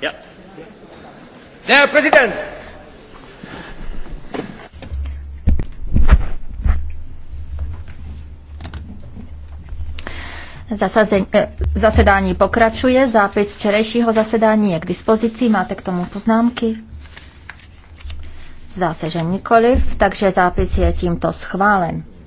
Ja. Präsident! Eh, zasedání pokračuje, zápis včerejšího zasedání je k dispozici, máte k tomu poznámky? Zdá se, že nikoliv, takže zápis je tímto schválen.